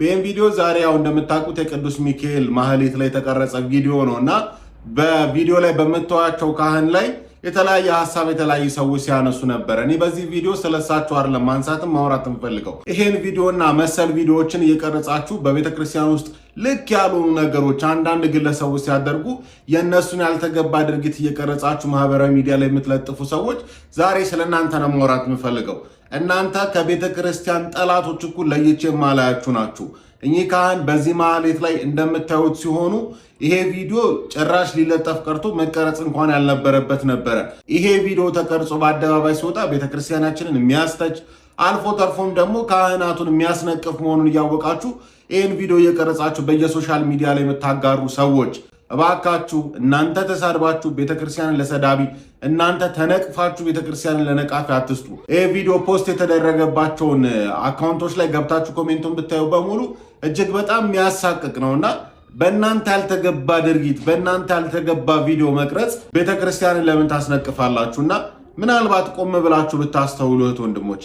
በይህም ቪዲዮ ዛሬ ያው እንደምታውቁት የቅዱስ ሚካኤል ማህሌት ላይ የተቀረጸ ቪዲዮ ነው እና በቪዲዮ ላይ በምታዩአቸው ካህን ላይ የተለያየ ሀሳብ የተለያዩ ሰዎች ሲያነሱ ነበረ። እኔ በዚህ ቪዲዮ ስለሳችሁ አይደለም ማንሳትም ማውራት የምፈልገው ይሄን ቪዲዮና መሰል ቪዲዮዎችን እየቀረጻችሁ በቤተክርስቲያን ውስጥ ልክ ያልሆኑ ነገሮች አንዳንድ ግለሰቦች ሲያደርጉ የእነሱን ያልተገባ ድርጊት እየቀረጻችሁ ማህበራዊ ሚዲያ ላይ የምትለጥፉ ሰዎች ዛሬ ስለ እናንተ ነው ማውራት የምፈልገው። እናንተ ከቤተ ክርስቲያን ጠላቶች እኩል ለይቼ የማላያችሁ ናችሁ። እኚህ ካህን በዚህ ማህሌት ላይ እንደምታዩት ሲሆኑ ይሄ ቪዲዮ ጭራሽ ሊለጠፍ ቀርቶ መቀረጽ እንኳን ያልነበረበት ነበረ። ይሄ ቪዲዮ ተቀርጾ በአደባባይ ሲወጣ ቤተክርስቲያናችንን የሚያስተች አልፎ ተርፎም ደግሞ ካህናቱን የሚያስነቅፍ መሆኑን እያወቃችሁ ይህን ቪዲዮ እየቀረጻችሁ በየሶሻል ሚዲያ ላይ የምታጋሩ ሰዎች እባካችሁ እናንተ ተሳድባችሁ ቤተክርስቲያንን ለሰዳቢ እናንተ ተነቅፋችሁ ቤተክርስቲያንን ለነቃፊ አትስጡ። ይህ ቪዲዮ ፖስት የተደረገባቸውን አካውንቶች ላይ ገብታችሁ ኮሜንቱን ብታዩ በሙሉ እጅግ በጣም የሚያሳቅቅ ነውና በእናንተ ያልተገባ ድርጊት በእናንተ ያልተገባ ቪዲዮ መቅረጽ ቤተክርስቲያንን ለምን ታስነቅፋላችሁና ምናልባት ቆም ብላችሁ ብታስተውሉ እህት ወንድሞቼ